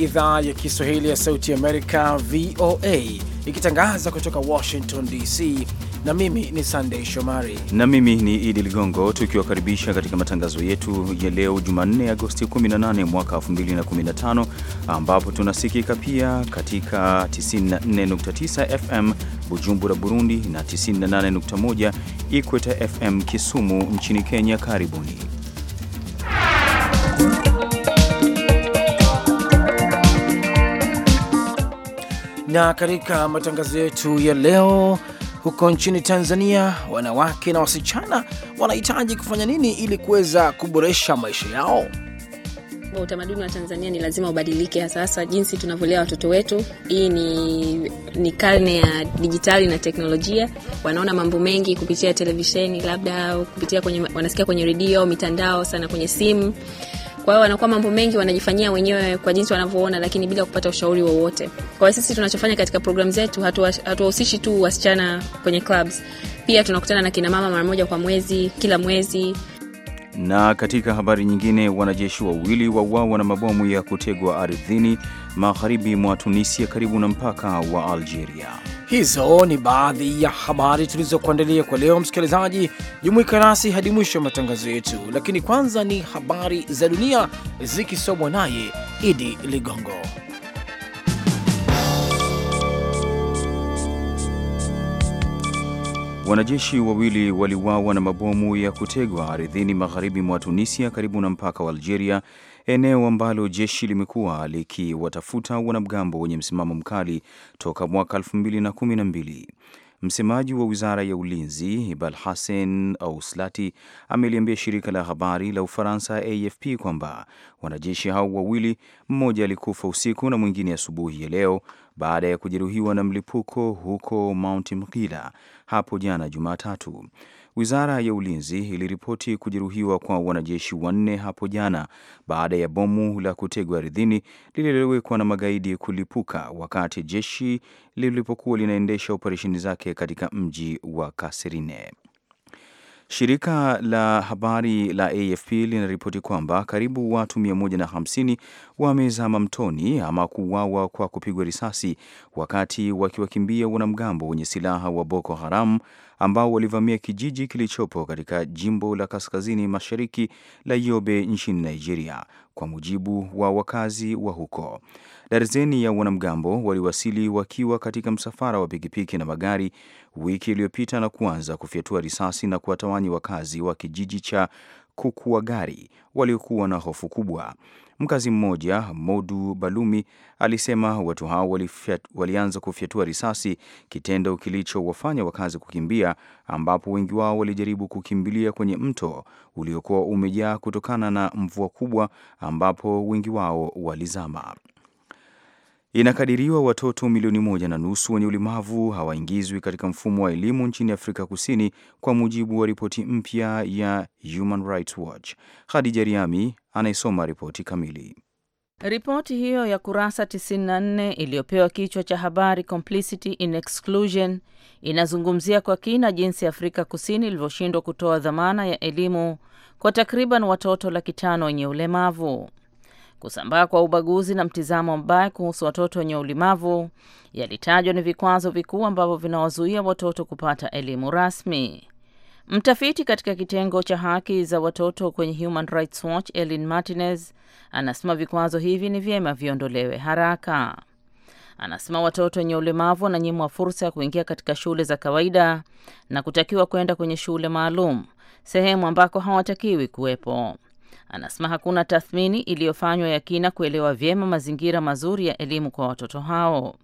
idhaa ya Kiswahili ya Sauti Amerika, VOA, ikitangaza kutoka Washington DC. Na mimi ni Sandei Shomari na mimi ni Idi Ligongo, tukiwakaribisha katika matangazo yetu ya leo Jumanne, Agosti 18 mwaka 2015, ambapo tunasikika pia katika 94.9 FM Bujumbura, Burundi na 98.1 Ikweta FM Kisumu nchini Kenya. Karibuni. Na katika matangazo yetu ya leo, huko nchini Tanzania, wanawake na wasichana wanahitaji kufanya nini ili kuweza kuboresha maisha yao? Utamaduni wa Tanzania ni lazima ubadilike, hasa hasa jinsi tunavyolea watoto wetu. Hii ni, ni karne ya dijitali na teknolojia. Wanaona mambo mengi kupitia televisheni, labda kupitia kwenye, wanasikia kwenye redio, mitandao sana, kwenye simu kwa hiyo wanakuwa mambo mengi wanajifanyia wenyewe kwa jinsi wanavyoona, lakini bila kupata ushauri wowote. Kwa hiyo sisi tunachofanya katika programu zetu, hatuwahusishi tu wasichana kwenye clubs, pia tunakutana na kinamama mara moja kwa mwezi, kila mwezi. Na katika habari nyingine, wanajeshi wawili wauawa na mabomu ya kutegwa ardhini magharibi mwa Tunisia karibu na mpaka wa Algeria. Hizo ni baadhi ya habari tulizokuandalia kwa leo. Msikilizaji, jumuika nasi hadi mwisho wa matangazo yetu, lakini kwanza ni habari za dunia zikisomwa naye Idi Ligongo. Wanajeshi wawili waliuawa na mabomu ya kutegwa ardhini magharibi mwa Tunisia karibu na mpaka wa Algeria, eneo ambalo jeshi limekuwa likiwatafuta wanamgambo wenye msimamo mkali toka mwaka 2012. Msemaji wa wizara ya ulinzi hassen Auslati ameliambia shirika la habari la Ufaransa AFP kwamba wanajeshi hao wawili, mmoja alikufa usiku na mwingine asubuhi ya leo baada ya kujeruhiwa na mlipuko huko Mount Mkila, hapo jana Jumatatu. Wizara ya ulinzi iliripoti kujeruhiwa kwa wanajeshi wanne hapo jana baada ya bomu la kutegwa ardhini lililowekwa na magaidi kulipuka wakati jeshi lilipokuwa linaendesha operesheni zake katika mji wa Kasirine. Shirika la habari la AFP linaripoti kwamba karibu watu 150 wamezama mtoni ama kuuawa kwa kupigwa risasi wakati wakiwakimbia wanamgambo wenye silaha wa Boko Haram ambao walivamia kijiji kilichopo katika jimbo la kaskazini mashariki la Yobe nchini Nigeria kwa mujibu wa wakazi wa huko. Darzeni ya wanamgambo waliwasili wakiwa katika msafara wa pikipiki na magari wiki iliyopita na kuanza kufyatua risasi na kuwatawanya wakazi wa kijiji cha kukuwa gari waliokuwa na hofu kubwa. Mkazi mmoja Modu Balumi alisema watu hao walianza kufyatua risasi, kitendo kilichowafanya wakazi kukimbia, ambapo wengi wao walijaribu kukimbilia kwenye mto uliokuwa umejaa kutokana na mvua kubwa, ambapo wengi wao walizama. Inakadiriwa watoto milioni moja na nusu wenye ulemavu hawaingizwi katika mfumo wa elimu nchini Afrika Kusini, kwa mujibu wa ripoti mpya ya Human Rights Watch. Riami anayesoma ripoti kamili. Ripoti hiyo ya kurasa 94 iliyopewa kichwa cha habari Complicity in Exclusion inazungumzia kwa kina jinsi Afrika Kusini ilivyoshindwa kutoa dhamana ya elimu kwa takriban watoto laki tano wenye ulemavu. Kusambaa kwa ubaguzi na mtizamo mbaya kuhusu watoto wenye ulemavu yalitajwa ni vikwazo vikuu ambavyo vinawazuia watoto kupata elimu rasmi. Mtafiti katika kitengo cha haki za watoto kwenye Human Rights Watch Elin Martinez anasema vikwazo hivi ni vyema viondolewe haraka. Anasema watoto wenye ulemavu wananyimwa fursa ya kuingia katika shule za kawaida na kutakiwa kwenda kwenye shule maalum, sehemu ambako hawatakiwi kuwepo. Anasema hakuna tathmini iliyofanywa ya kina kuelewa vyema mazingira mazuri ya elimu kwa watoto hao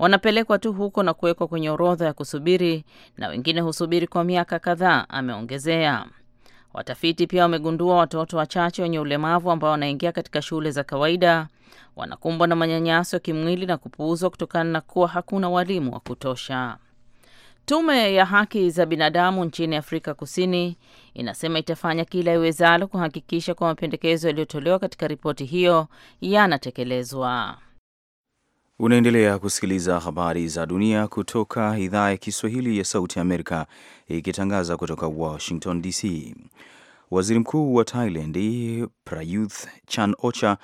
wanapelekwa tu huko na kuwekwa kwenye orodha ya kusubiri, na wengine husubiri kwa miaka kadhaa, ameongezea. Watafiti pia wamegundua watoto wachache wenye ulemavu ambao wanaingia katika shule za kawaida wanakumbwa na manyanyaso ya kimwili na kupuuzwa kutokana na kuwa hakuna walimu wa kutosha. Tume ya haki za binadamu nchini Afrika Kusini inasema itafanya kila iwezalo kuhakikisha kwa mapendekezo yaliyotolewa katika ripoti hiyo yanatekelezwa. Unaendelea kusikiliza habari za dunia kutoka idhaa ya Kiswahili ya Sauti ya Amerika ikitangaza kutoka Washington DC. Waziri Mkuu wa Thailand Prayuth Chan-ocha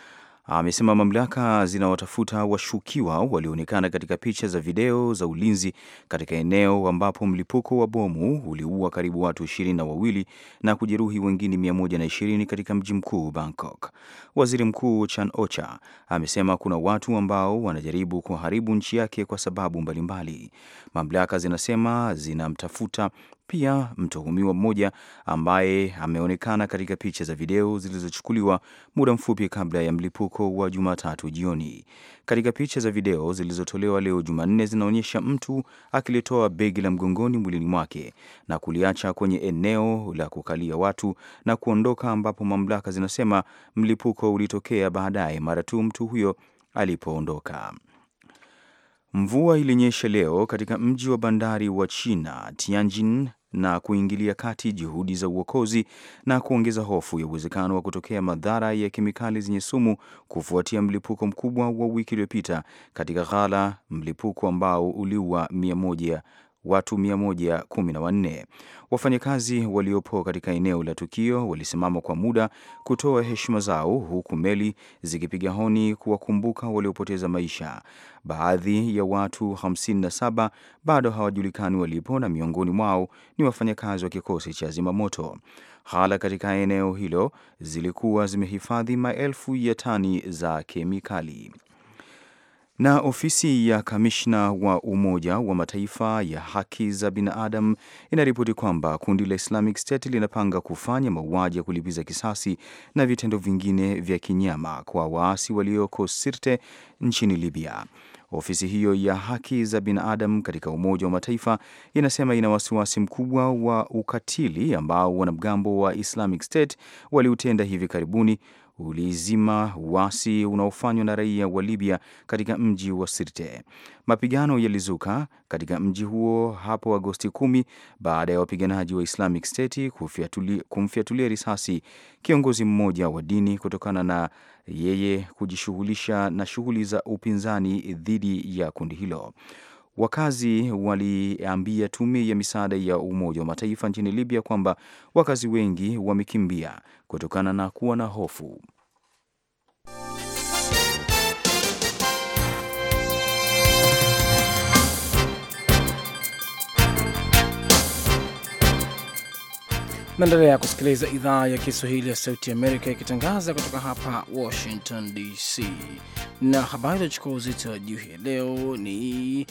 amesema mamlaka zinawatafuta washukiwa walioonekana katika picha za video za ulinzi katika eneo ambapo mlipuko wa bomu uliua karibu watu ishirini na wawili na kujeruhi wengine mia moja na ishirini katika mji mkuu Bangkok. Waziri Mkuu Chan Ocha amesema kuna watu ambao wanajaribu kuharibu nchi yake kwa sababu mbalimbali. Mamlaka zinasema zinamtafuta pia mtuhumiwa mmoja ambaye ameonekana katika picha za video zilizochukuliwa muda mfupi kabla ya mlipuko wa Jumatatu jioni. Katika picha za video zilizotolewa leo Jumanne zinaonyesha mtu akilitoa begi la mgongoni mwilini mwake na kuliacha kwenye eneo la kukalia watu na kuondoka, ambapo mamlaka zinasema mlipuko ulitokea baadaye mara tu mtu huyo alipoondoka. Mvua ilinyesha leo katika mji wa bandari wa China Tianjin na kuingilia kati juhudi za uokozi na kuongeza hofu ya uwezekano wa kutokea madhara ya kemikali zenye sumu kufuatia mlipuko mkubwa wa wiki iliyopita katika ghala, mlipuko ambao uliua mia moja watu 114. Wafanyakazi waliopo katika eneo la tukio walisimama kwa muda kutoa heshima zao, huku meli zikipiga honi kuwakumbuka waliopoteza maisha. Baadhi ya watu 57 bado hawajulikani walipo, na miongoni mwao ni wafanyakazi wa kikosi cha zimamoto. Hala katika eneo hilo zilikuwa zimehifadhi maelfu ya tani za kemikali. Na ofisi ya kamishna wa Umoja wa Mataifa ya haki za binadamu inaripoti kwamba kundi la Islamic State linapanga kufanya mauaji ya kulipiza kisasi na vitendo vingine vya kinyama kwa waasi walioko Sirte nchini Libya. Ofisi hiyo ya haki za binadamu katika Umoja wa Mataifa inasema ina wasiwasi mkubwa wa ukatili ambao wanamgambo wa Islamic State waliutenda hivi karibuni ulizima uasi unaofanywa na raia wa Libya katika mji wa Sirte. Mapigano yalizuka katika mji huo hapo Agosti 10 baada ya wapiganaji wa Islamic State kumfyatulia risasi kiongozi mmoja wa dini kutokana na yeye kujishughulisha na shughuli za upinzani dhidi ya kundi hilo. Wakazi waliambia tume ya misaada ya Umoja wa Mataifa nchini Libya kwamba wakazi wengi wamekimbia kutokana na kuwa na hofu. Naendelea kusikiliza idhaa ya Kiswahili ya Sauti Amerika ikitangaza kutoka hapa Washington DC, na habari iliyochukua uzito wa juu hii leo ni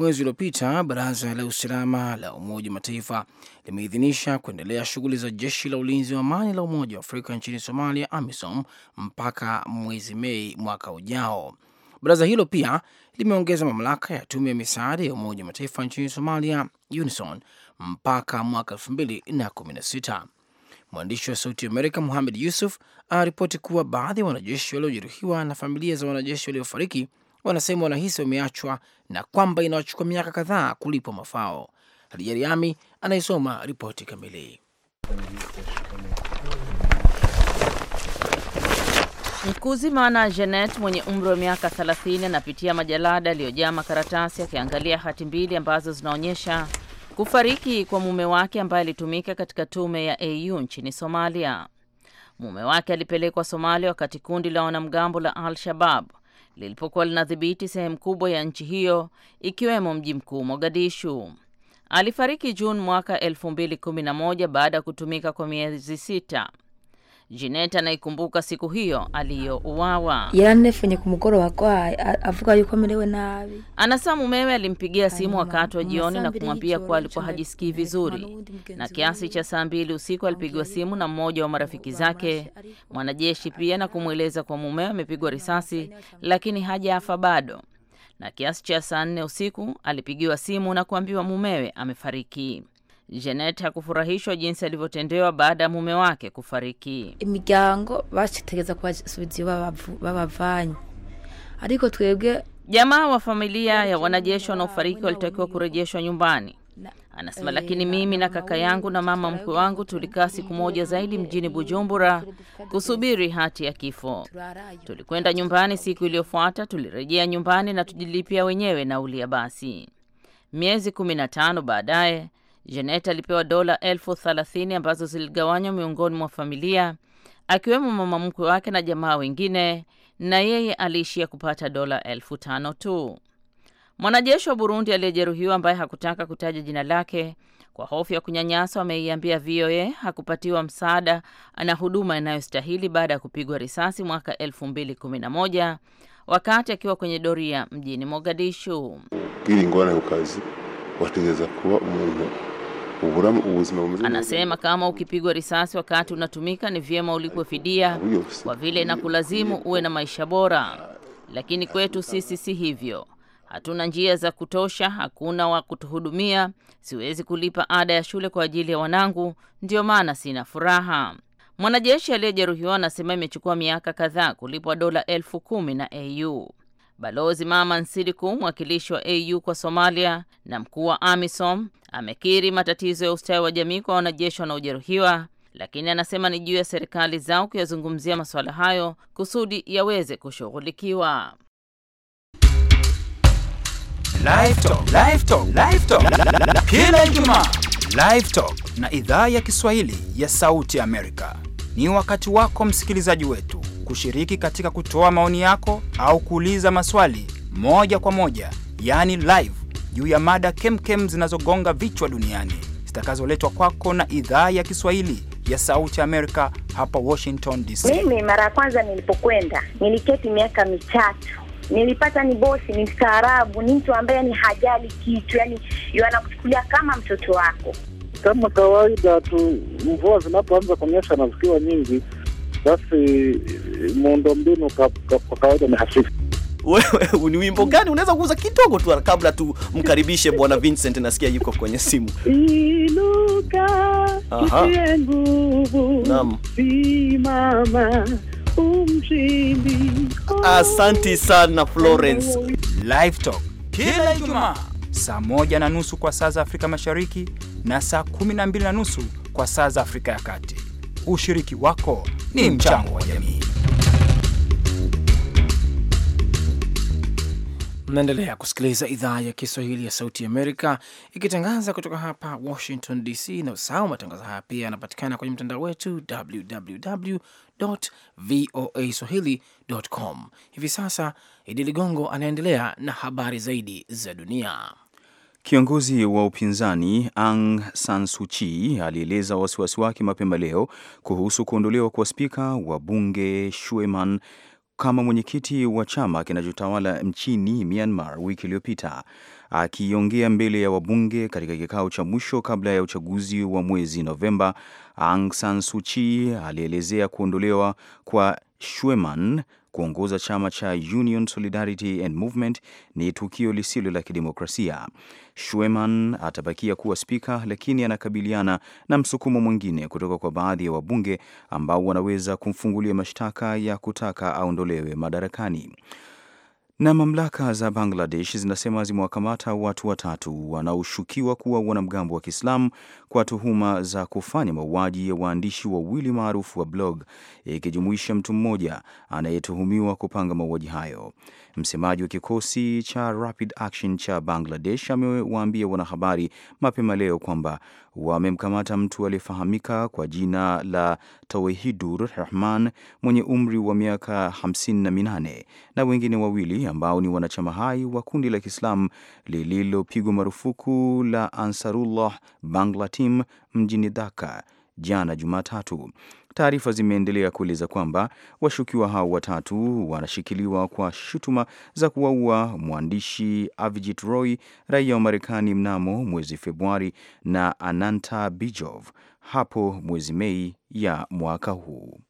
Mwezi uliopita baraza la usalama la Umoja wa Mataifa limeidhinisha kuendelea shughuli za jeshi la ulinzi wa amani la Umoja wa Afrika nchini Somalia, AMISOM, mpaka mwezi Mei mwaka ujao. Baraza hilo pia limeongeza mamlaka ya tume ya misaada ya Umoja wa Mataifa nchini Somalia, UNISON, mpaka mwaka sita. Mwandishi wa Sauti Amerika Muhamed Yusuf anaripoti kuwa baadhi ya wanajeshi waliojeruhiwa na familia za wanajeshi waliofariki wanasema wanahisi wameachwa na kwamba inawachukua miaka kadhaa kulipwa mafao. Hadija Riami anayesoma ripoti kamili. Mkuzimana Janet mwenye umri wa miaka 30 anapitia majalada yaliyojaa makaratasi akiangalia hati mbili ambazo zinaonyesha kufariki kwa mume wake ambaye alitumika katika tume ya AU nchini Somalia. Mume wake alipelekwa Somalia wakati kundi la wanamgambo la Al-Shabab lilipokuwa linadhibiti sehemu kubwa ya nchi hiyo ikiwemo mji mkuu Mogadishu. Alifariki Juni mwaka 2011 baada ya kutumika kwa miezi sita. Jeanette anaikumbuka siku hiyo aliyouawa. Yaani Anasema mumewe alimpigia simu wakati wa jioni na kumwambia kuwa alikuwa hajisikii vizuri, na kiasi cha saa mbili usiku alipigiwa simu na mmoja wa marafiki zake mwanajeshi pia, na kumweleza kuwa mumewe amepigwa risasi lakini hajaafa bado na kiasi cha saa nne usiku alipigiwa simu na kuambiwa mumewe amefariki. Janet hakufurahishwa jinsi alivyotendewa baada ya mume wake kufariki. imigango bashitegeza kubasubiza babavanye ariko twebwe jamaa wa familia ya wanajeshi wanaofariki walitakiwa kurejeshwa nyumbani, anasema. Lakini eh, mimi na kaka yangu na mama mkwe wangu tulikaa siku moja zaidi mjini Bujumbura kusubiri hati ya kifo. Tulikwenda nyumbani siku iliyofuata, tulirejea nyumbani na tujilipia wenyewe nauli ya basi. Miezi kumi na tano baadaye Janet alipewa dola elfu thelathini ambazo ziligawanywa miongoni mwa familia akiwemo mama mkwe wake na jamaa wengine, na yeye aliishia kupata dola elfu tano tu. Mwanajeshi wa Burundi aliyejeruhiwa ambaye hakutaka kutaja jina lake kwa hofu ya kunyanyaswa ameiambia VOA hakupatiwa msaada na huduma inayostahili baada ya kupigwa risasi mwaka moja wakati akiwa kwenye doria mjini Mogadishu. ili ngwana ukazi watezeza kuwa umuntu Anasema kama ukipigwa risasi wakati unatumika ni vyema ulipwe fidia, kwa vile na kulazimu uwe na maisha bora. Lakini kwetu sisi si hivyo, hatuna njia za kutosha, hakuna wa kutuhudumia, siwezi kulipa ada ya shule kwa ajili ya wanangu, ndiyo maana sina furaha. Mwanajeshi aliyejeruhiwa anasema imechukua miaka kadhaa kulipwa dola elfu kumi na au Balozi Mama Nsiriku, mwakilishi wa AU kwa Somalia na mkuu wa AMISOM, amekiri matatizo ya ustawi wa jamii kwa wanajeshi wanaojeruhiwa, lakini anasema ni juu ya serikali zao kuyazungumzia masuala hayo kusudi yaweze kushughulikiwa. Kila Ijumaa na idhaa ya Kiswahili ya Sauti Amerika, ni wakati wako msikilizaji wetu kushiriki katika kutoa maoni yako au kuuliza maswali moja kwa moja, yani live, juu ya mada kemkem zinazogonga vichwa duniani zitakazoletwa kwako na idhaa ya Kiswahili ya Sauti ya Amerika hapa Washington DC. Mimi mara ya kwanza nilipokwenda niliketi miaka mitatu nilipata ni bosi, ni mstaarabu, ni mtu ambaye ni hajali kitu, yani anakuchukulia kama mtoto wako. Kama kawaida tu, mvua zinapoanza kunyesha na zikiwa nyingi basi eh, mbinu kwa kawaida ni hafifu. Wewe ni wimbo gani unaweza kuuza kidogo tu kabla tumkaribishe Bwana Vincent, nasikia yuko kwenye simu. Inuka nguvu, simama umshindi. Asanti sana Florence. Live Talk kila Ijumaa saa moja na nusu kwa saa za Afrika Mashariki na saa kumi na mbili na nusu kwa saa za Afrika ya Kati. Ushiriki wako ni hmm, mchango wa jamii. Mnaendelea kusikiliza idhaa ya Kiswahili ya Sauti Amerika ikitangaza kutoka hapa Washington DC, na usahau matangazo haya pia yanapatikana kwenye mtandao wetu www voa swahili.com. Hivi sasa Idi Ligongo anaendelea na habari zaidi za dunia. Kiongozi wa upinzani Aung San Suu Kyi alieleza wasiwasi wake mapema leo kuhusu kuondolewa kwa spika wa bunge Shueman kama mwenyekiti wa chama kinachotawala nchini Myanmar wiki iliyopita. Akiongea mbele ya wabunge katika kikao cha mwisho kabla ya uchaguzi wa mwezi Novemba, Aung San Suu Kyi alielezea kuondolewa kwa Shueman Kuongoza chama cha Union Solidarity and Movement ni tukio lisilo la kidemokrasia. schweman atabakia kuwa spika, lakini anakabiliana na msukumo mwingine kutoka kwa baadhi ya wabunge ambao wanaweza kumfungulia mashtaka ya kutaka aondolewe madarakani. Na mamlaka za Bangladesh zinasema zimewakamata watu watatu wanaoshukiwa kuwa wanamgambo wa Kiislamu kwa tuhuma za kufanya mauaji ya waandishi wawili maarufu wa blog, ikijumuisha mtu mmoja anayetuhumiwa kupanga mauaji hayo. Msemaji wa kikosi cha Rapid Action cha Bangladesh amewaambia wanahabari mapema leo kwamba wamemkamata mtu aliyefahamika kwa jina la Tawehidur Rahman mwenye umri wa miaka 58 na wengine wawili ambao ni wanachama hai wa kundi la Kiislamu lililopigwa marufuku la Ansarullah Bangla Team mjini Dhaka jana Jumatatu. Taarifa zimeendelea kueleza kwamba washukiwa hao watatu wanashikiliwa kwa shutuma za kuwaua mwandishi Avijit Roy, raia wa Marekani mnamo mwezi Februari na Ananta Bijov hapo mwezi Mei ya mwaka huu.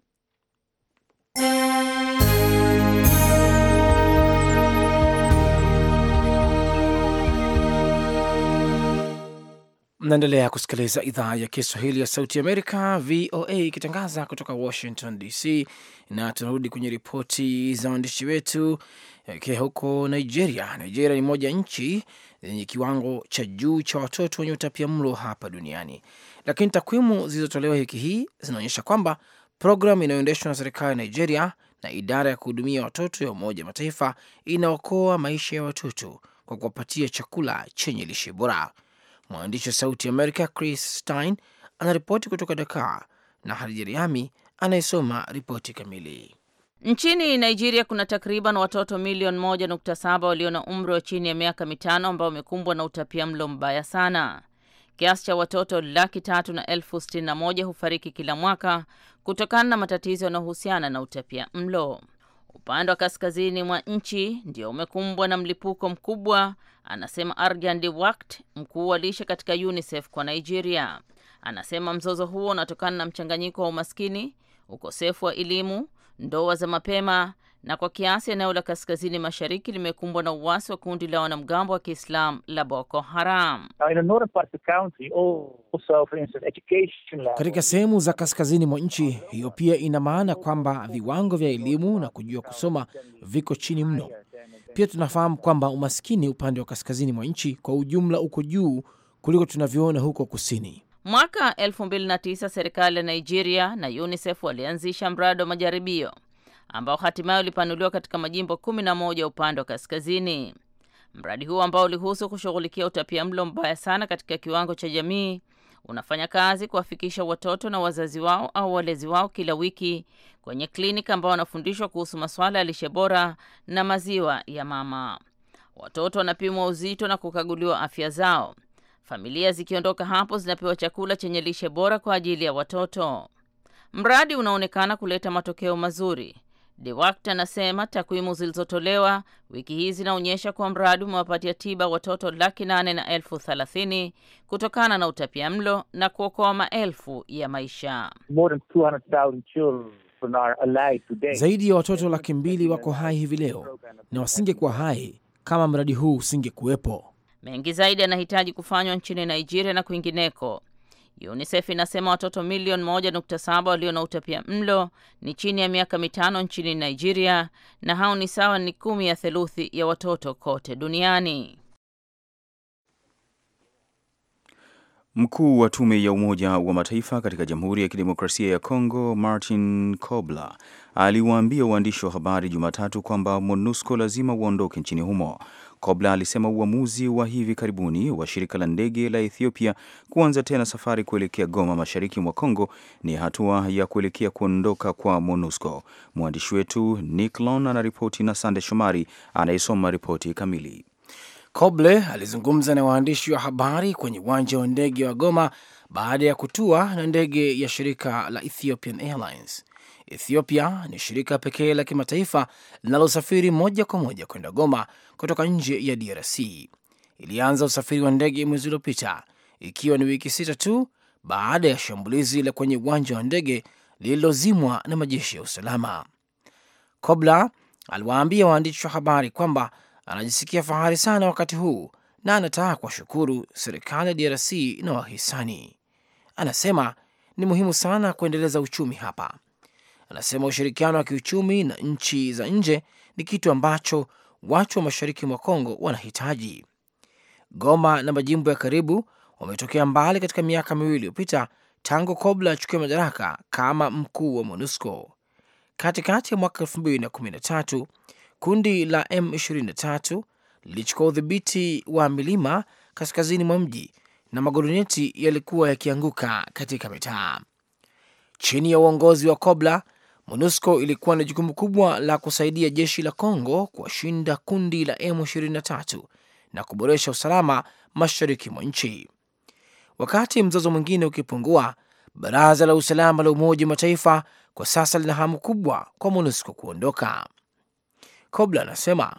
Mnaendelea kusikiliza idhaa ya Kiswahili ya Sauti Amerika, VOA, ikitangaza kutoka Washington DC. Na tunarudi kwenye ripoti za waandishi wetu eh, huko Nigeria. Nigeria ni moja nchi zenye kiwango cha juu cha watoto wenye utapia mlo hapa duniani, lakini takwimu zilizotolewa wiki hii zinaonyesha kwamba programu inayoendeshwa na serikali ya Nigeria na idara ya kuhudumia watoto ya Umoja Mataifa inaokoa maisha ya watoto kwa kuwapatia chakula chenye lishe bora. Mwandishi wa Sauti Amerika Chris Stein anaripoti kutoka Dakar na Hadija Riami anayesoma ripoti kamili. Nchini Nigeria kuna takriban watoto milioni 1.7 walio na umri wa chini ya miaka mitano ambao wamekumbwa na utapia mlo mbaya sana. Kiasi cha watoto laki tatu na elfu sitini na moja hufariki kila mwaka kutokana na matatizo yanayohusiana na utapia mlo. Upande wa kaskazini mwa nchi ndio umekumbwa na mlipuko mkubwa, anasema Arjan wakt mkuu wa lishe katika UNICEF kwa Nigeria. Anasema mzozo huo unatokana na mchanganyiko wa umaskini, ukosefu wa elimu, ndoa za mapema na kwa kiasi eneo la kaskazini mashariki limekumbwa na uwasi wa kundi la wanamgambo wa Kiislam la Boko Haram. Katika sehemu za kaskazini mwa nchi hiyo pia ina maana kwamba viwango vya elimu na kujua kusoma viko chini mno. Pia tunafahamu kwamba umaskini upande wa kaskazini mwa nchi kwa ujumla uko juu kuliko tunavyoona huko kusini. Mwaka 2009 serikali ya Nigeria na UNICEF walianzisha mradi wa majaribio ambao hatimaye ulipanuliwa katika majimbo kumi na moja upande wa kaskazini. Mradi huo ambao ulihusu kushughulikia utapia mlo mbaya sana katika kiwango cha jamii unafanya kazi kuwafikisha watoto na wazazi wao au walezi wao kila wiki kwenye kliniki ambao wanafundishwa kuhusu masuala ya lishe bora na maziwa ya mama. Watoto wanapimwa uzito na kukaguliwa afya zao. Familia zikiondoka hapo zinapewa chakula chenye lishe bora kwa ajili ya watoto. Mradi unaonekana kuleta matokeo mazuri De anasema takwimu zilizotolewa wiki hii zinaonyesha kuwa mradi umewapatia tiba watoto laki nane na elfu thelathini kutokana na utapia mlo na kuokoa maelfu ya maisha. Zaidi ya watoto laki mbili wako hai hivi leo na wasingekuwa hai kama mradi huu usingekuwepo. Mengi zaidi yanahitaji kufanywa nchini Nigeria na kwingineko UNICEF inasema watoto milioni 1.7 walio na utapia mlo ni chini ya miaka mitano nchini Nigeria, na hao ni sawa ni kumi ya theluthi ya watoto kote duniani. Mkuu wa tume ya Umoja wa Mataifa katika Jamhuri ya Kidemokrasia ya Kongo, Martin Kobler, aliwaambia waandishi wa habari Jumatatu kwamba MONUSCO lazima waondoke nchini humo Kobla alisema uamuzi wa hivi karibuni wa shirika la ndege la Ethiopia kuanza tena safari kuelekea Goma, mashariki mwa Kongo, ni hatua ya kuelekea kuondoka kwa MONUSCO. Mwandishi wetu Niklon anaripoti na Sande Shomari anayesoma ripoti kamili. Koble alizungumza na waandishi wa habari kwenye uwanja wa ndege wa Goma baada ya kutua na ndege ya shirika la Ethiopian Airlines. Ethiopia ni shirika pekee la kimataifa linalosafiri moja kwa moja kwenda Goma kutoka nje ya DRC. Ilianza usafiri wa ndege mwezi uliopita, ikiwa ni wiki sita tu baada ya shambulizi la kwenye uwanja wa ndege lililozimwa na majeshi ya usalama. Kobla aliwaambia waandishi wa habari kwamba anajisikia fahari sana wakati huu na anataka kuwashukuru serikali ya DRC na wahisani. Anasema ni muhimu sana kuendeleza uchumi hapa anasema ushirikiano wa kiuchumi na nchi za nje ni kitu ambacho watu wa mashariki mwa Kongo wanahitaji. Goma na majimbo ya karibu wametokea mbali katika miaka miwili iliyopita tangu Kobla achukua madaraka kama mkuu wa MONUSCO. Katikati ya mwaka 213 kundi la M23 lilichukua udhibiti wa milima kaskazini mwa mji na maguruneti yalikuwa yakianguka katika mitaa. Chini ya uongozi wa Kobla, MONUSCO ilikuwa na jukumu kubwa la kusaidia jeshi la Congo kuwashinda kundi la M23 na kuboresha usalama mashariki mwa nchi. Wakati mzozo mwingine ukipungua, Baraza la Usalama la Umoja wa Mataifa kwa sasa lina hamu kubwa kwa MONUSCO kuondoka. Kobla anasema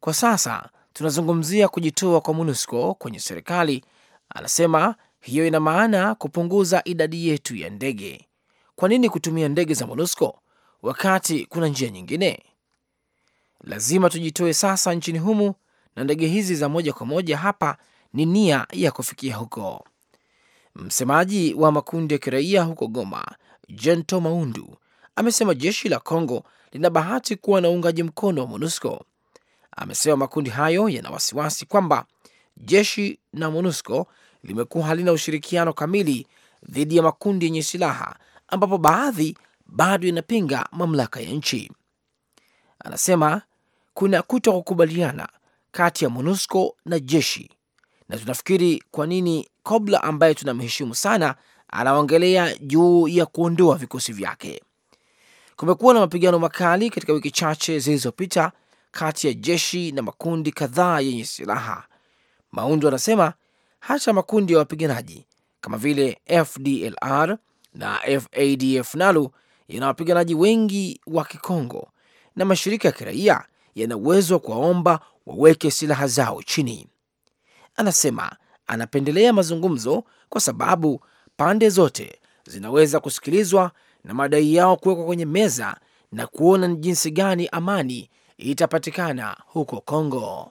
kwa sasa tunazungumzia kujitoa kwa MONUSCO kwenye serikali. Anasema hiyo ina maana kupunguza idadi yetu ya ndege kwa nini kutumia ndege za MONUSCO wakati kuna njia nyingine? Lazima tujitoe sasa nchini humu, na ndege hizi za moja kwa moja hapa ni nia ya kufikia huko. Msemaji wa makundi ya kiraia huko Goma, Jento Maundu, amesema jeshi la congo lina bahati kuwa na uungaji mkono wa MONUSCO. Amesema makundi hayo yana wasiwasi kwamba jeshi na MONUSCO limekuwa halina ushirikiano kamili dhidi ya makundi yenye silaha ambapo baadhi bado inapinga mamlaka ya nchi. Anasema kuna kuto kukubaliana kati ya MONUSCO na jeshi, na tunafikiri kwa nini Kobla ambaye tunamheshimu sana anaongelea juu ya kuondoa vikosi vyake. Kumekuwa na mapigano makali katika wiki chache zilizopita kati ya jeshi na makundi kadhaa yenye silaha. Maundu anasema hata makundi ya wapiganaji kama vile FDLR na FADF nalo yana wapiganaji wengi wa Kikongo na mashirika ya kiraia yana uwezo wa kuwaomba waweke silaha zao chini. Anasema anapendelea mazungumzo kwa sababu pande zote zinaweza kusikilizwa na madai yao kuwekwa kwenye meza na kuona ni jinsi gani amani itapatikana huko Kongo.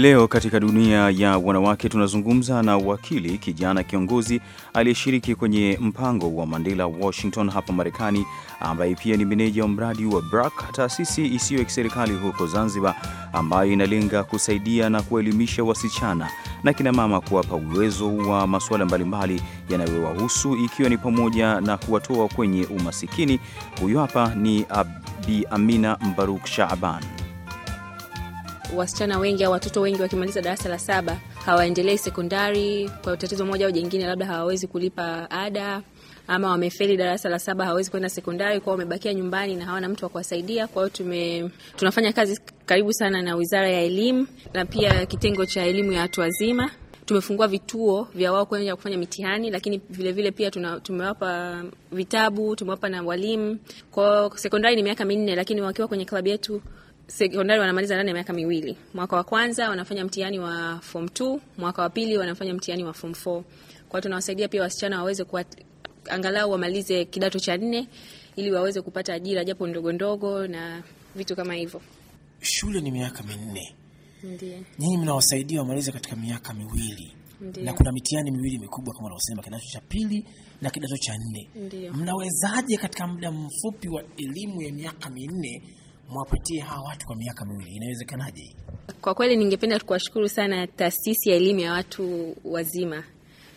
Leo katika dunia ya wanawake tunazungumza na wakili kijana kiongozi aliyeshiriki kwenye mpango wa Mandela Washington hapa Marekani, ambaye pia ni meneja wa mradi wa BRAC, taasisi isiyo ya kiserikali huko Zanzibar, ambayo inalenga kusaidia na kuelimisha wasichana na kinamama, kuwapa uwezo wa masuala mbalimbali yanayowahusu ikiwa ni pamoja na kuwatoa kwenye umasikini. Huyu hapa ni Abi Amina Mbaruk Shaaban wasichana wengi au watoto wengi wakimaliza darasa la saba hawaendelei sekondari kwa tatizo moja au jingine, labda hawawezi kulipa ada ama wamefeli darasa la saba hawawezi kwenda sekondari kwao, wamebakia nyumbani na hawana mtu wa kuwasaidia. Kwa hiyo tume tunafanya kazi karibu sana na Wizara ya Elimu na pia kitengo cha elimu ya watu wazima. Tumefungua vituo vya wao kwenda kufanya mitihani, lakini vilevile vile pia tuna, tumewapa vitabu, tumewapa na walimu. Kwao sekondari ni miaka minne, lakini wakiwa kwenye klabu yetu sekondari wanamaliza ndani ya miaka miwili. Mwaka wa kwanza wanafanya mtihani wa form 2, mwaka wa pili wanafanya mtihani wa form 4. Kwa tunawasaidia pia wasichana waweze kuwa angalau wamalize kidato cha nne ili waweze kupata ajira japo ndogo ndogo na vitu kama hivyo. Shule ni miaka minne. Ndiyo. Nyinyi mnawasaidia wamalize katika miaka miwili. Ndiyo. Na kuna mitihani miwili mikubwa kama unavyosema, kidato cha pili na kidato cha nne. Mnawezaje katika muda mfupi wa elimu ya miaka minne mwapitie hawa watu kwa miaka miwili, inawezekanaje? Kwa kweli ningependa kuwashukuru sana taasisi ya elimu ya watu wazima.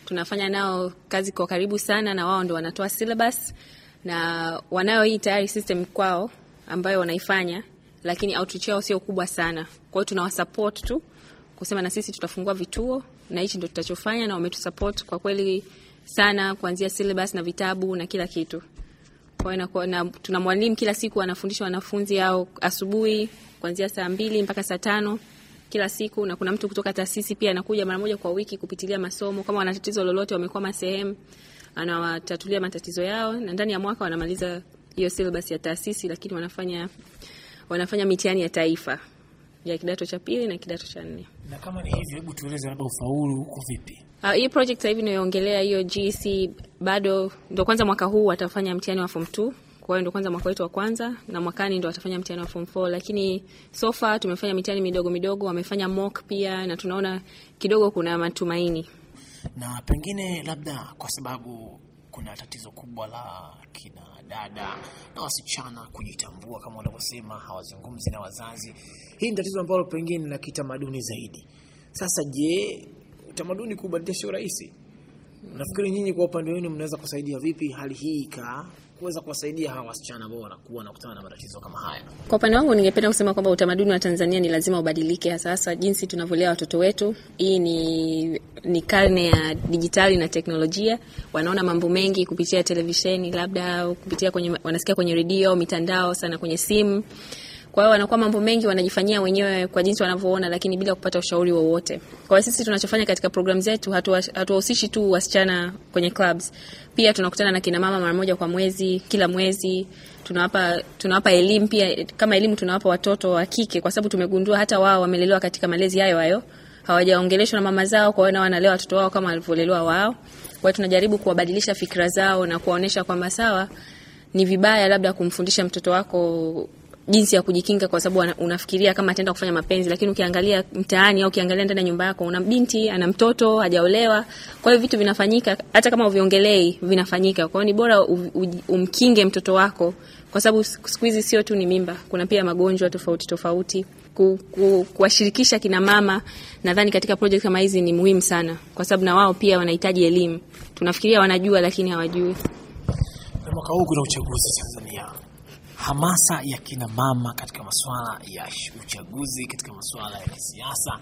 Tunafanya nao kazi kwa karibu sana, na wao ndo wanatoa syllabus na wanayo hii tayari system kwao ambayo wanaifanya, lakini outreach yao sio kubwa sana. Kwa hiyo tunawasupport tu kusema na sisi tutafungua vituo na hichi ndo tutachofanya, na wametusupport kwa kweli sana, kuanzia syllabus na vitabu na kila kitu na tuna mwalimu kila siku anafundisha wanafunzi hao asubuhi kuanzia saa mbili mpaka saa tano kila siku, na kuna mtu kutoka taasisi pia anakuja mara moja kwa wiki kupitilia masomo, kama wana tatizo lolote, wamekwama sehemu, anawatatulia matatizo yao, na ndani ya mwaka wanamaliza hiyo syllabus ya taasisi, lakini wanafanya wanafanya mitihani ya taifa ya kidato cha pili na kidato cha nne. Na kama ni hivyo, hebu tueleze labda ufaulu uko vipi? Uh, hii project sasa hivi inayoongelea hiyo GC bado ndio kwanza mwaka huu watafanya mtihani wa form 2 kwa hiyo ndo kwanza mwaka wetu wa kwanza na mwakani ndo watafanya mtihani wa form 4, lakini so far tumefanya mitihani midogo midogo, wamefanya mock pia, na tunaona kidogo kuna matumaini. Na pengine labda kwa sababu kuna tatizo kubwa la kina dada na wasichana kujitambua, kama wanavyosema hawazungumzi na wazazi. Hii ni tatizo ambalo pengine la kitamaduni zaidi. Sasa je, utamaduni kubadilisha sio rahisi. Nafikiri nyinyi kwa upande wenu mnaweza kusaidia vipi hali hii ikaa kuweza kuwasaidia hawa wasichana ambao wanakuwa wanakutana na matatizo kama haya. Kwa upande wangu, ningependa kusema kwamba utamaduni wa Tanzania ni lazima ubadilike, hasa hasa jinsi tunavyolea watoto wetu. Hii ni, ni karne ya dijitali na teknolojia. Wanaona mambo mengi kupitia televisheni, labda kupitia kwenye, wanasikia kwenye redio, mitandao sana, kwenye simu kwa hiyo wanakuwa mambo mengi wanajifanyia wenyewe kwa jinsi wanavyoona, lakini bila kupata ushauri wowote. Kwa hiyo sisi tunachofanya katika programu zetu, hatuwahusishi tu wasichana kwenye clubs, pia tunakutana na kina mama mara moja kwa mwezi, kila mwezi tunawapa tunawapa elimu pia, kama elimu tunawapa watoto wa kike, kwa sababu tumegundua hata wao wamelelewa katika malezi hayo hayo, hawajaongeleshwa na mama zao, kwa hiyo wanalewa watoto wao kama walivyolelewa wao. Kwa hiyo tunajaribu kuwabadilisha fikra zao na kuwaonyesha kwamba sawa, ni vibaya labda kumfundisha mtoto wako jinsi ya kujikinga, kwa sababu unafikiria kama ataenda kufanya mapenzi, lakini ukiangalia mtaani au ukiangalia ndani ya nyumba yako, una binti ana mtoto hajaolewa. Kwa hiyo vitu vinafanyika, hata kama uviongelei vinafanyika. Kwa hiyo ni bora umkinge mtoto wako, kwa sababu siku hizi sio tu ni mimba, kuna pia magonjwa tofauti tofauti kuwashirikisha kina mama nadhani katika project kama hizi ni muhimu sana, kwa sababu na wao pia wanahitaji elimu. Tunafikiria wanajua, lakini hawajui. Mwaka huu kuna uchaguzi Tanzania hamasa ya kina mama katika masuala ya uchaguzi, katika masuala ya siasa,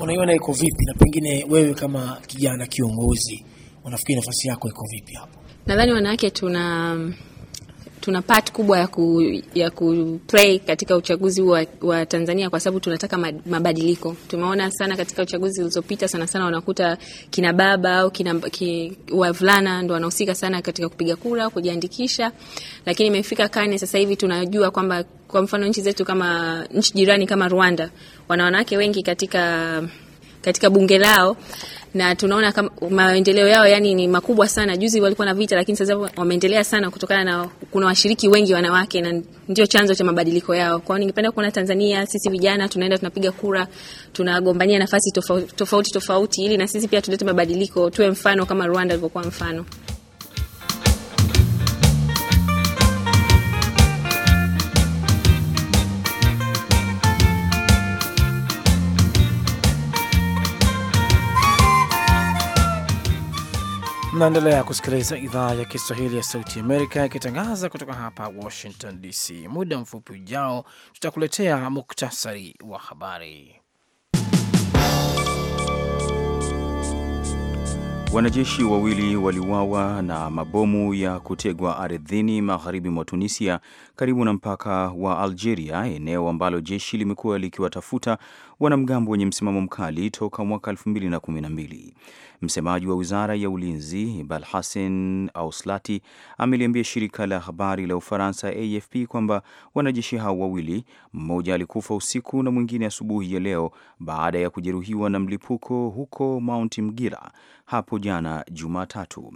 unaiona iko vipi? Na pengine wewe kama kijana kiongozi, unafikiri nafasi yako iko vipi hapo? Nadhani wanawake tuna tuna part kubwa ya, ku, ya play katika uchaguzi wa, wa Tanzania kwa sababu tunataka mabadiliko. Tumeona sana katika uchaguzi ulizopita, sana sana wanakuta kina baba au kina ki, wavulana ndo wanahusika sana katika kupiga kura, kujiandikisha, lakini imefika karne sasa hivi tunajua kwamba kwa mfano nchi zetu kama nchi jirani kama Rwanda wana wanawake wengi katika katika bunge lao na tunaona kama maendeleo yao yani ni makubwa sana. Juzi walikuwa na vita, lakini sasa wameendelea sana kutokana na kuna washiriki wengi wanawake, na ndio chanzo cha mabadiliko yao. Kwa hiyo ningependa kuona Tanzania sisi vijana tunaenda tunapiga kura, tunagombania nafasi tofauti tofauti, tofauti ili na sisi pia tulete mabadiliko, tuwe mfano kama Rwanda ilivyokuwa mfano. Mnaendelea kusikiliza idhaa ya Kiswahili ya Sauti Amerika ikitangaza kutoka hapa Washington DC. Muda mfupi ujao, tutakuletea muktasari wa habari. Wanajeshi wawili waliuawa na mabomu ya kutegwa ardhini magharibi mwa Tunisia karibu na mpaka wa Algeria, eneo ambalo jeshi limekuwa likiwatafuta wanamgambo wenye msimamo mkali toka mwaka 2012. Msemaji wa Wizara ya Ulinzi Balhasen Auslati ameliambia shirika la habari la Ufaransa AFP kwamba wanajeshi hao wawili, mmoja alikufa usiku na mwingine asubuhi ya leo baada ya kujeruhiwa na mlipuko huko Mount Mgira hapo jana Jumatatu.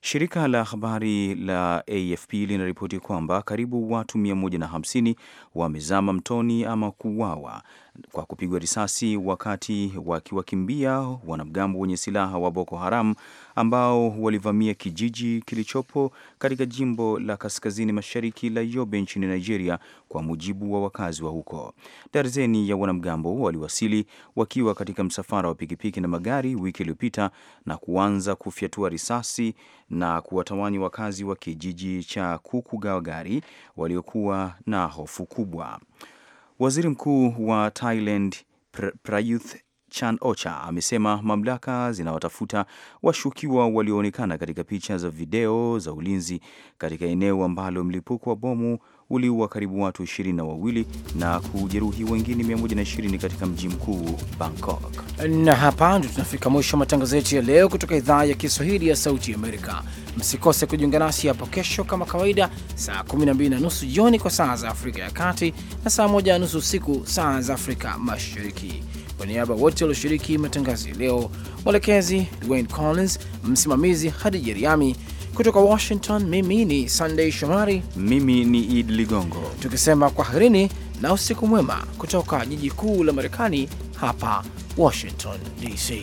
Shirika la habari la AFP linaripoti kwamba karibu watu 150 wamezama mtoni ama kuuawa kwa kupigwa risasi wakati wakiwakimbia wanamgambo wenye silaha wa Boko Haram ambao walivamia kijiji kilichopo katika jimbo la kaskazini mashariki la Yobe nchini Nigeria, kwa mujibu wa wakazi wa huko. Darzeni ya wanamgambo waliwasili wakiwa katika msafara wa pikipiki na magari wiki iliyopita na kuanza kufyatua risasi na kuwatawanya wakazi wa kijiji cha Kukugawagari waliokuwa na hofu kubwa. Waziri Mkuu wa Thailand Prayuth Chan Ocha amesema mamlaka zinawatafuta washukiwa walioonekana katika picha za video za ulinzi katika eneo ambalo mlipuko wa bomu uliua karibu watu ishirini na wawili na kujeruhi wengine 120 katika mji mkuu Bangkok. Na hapa ndio tunafika mwisho wa matangazo yetu ya leo kutoka idhaa ya Kiswahili ya Sauti Amerika. Msikose kujiunga nasi hapo kesho kama kawaida, saa 12 na nusu jioni kwa saa za Afrika ya Kati na saa 1 na nusu usiku saa za Afrika Mashariki. Kwa niaba wote walioshiriki matangazo ya leo, mwelekezi Dwayne Collins, msimamizi Hadija Riami. Kutoka Washington, mimi ni Sandei Shomari, mimi ni id Ligongo, tukisema kwaherini na usiku mwema kutoka jiji kuu la Marekani, hapa Washington DC.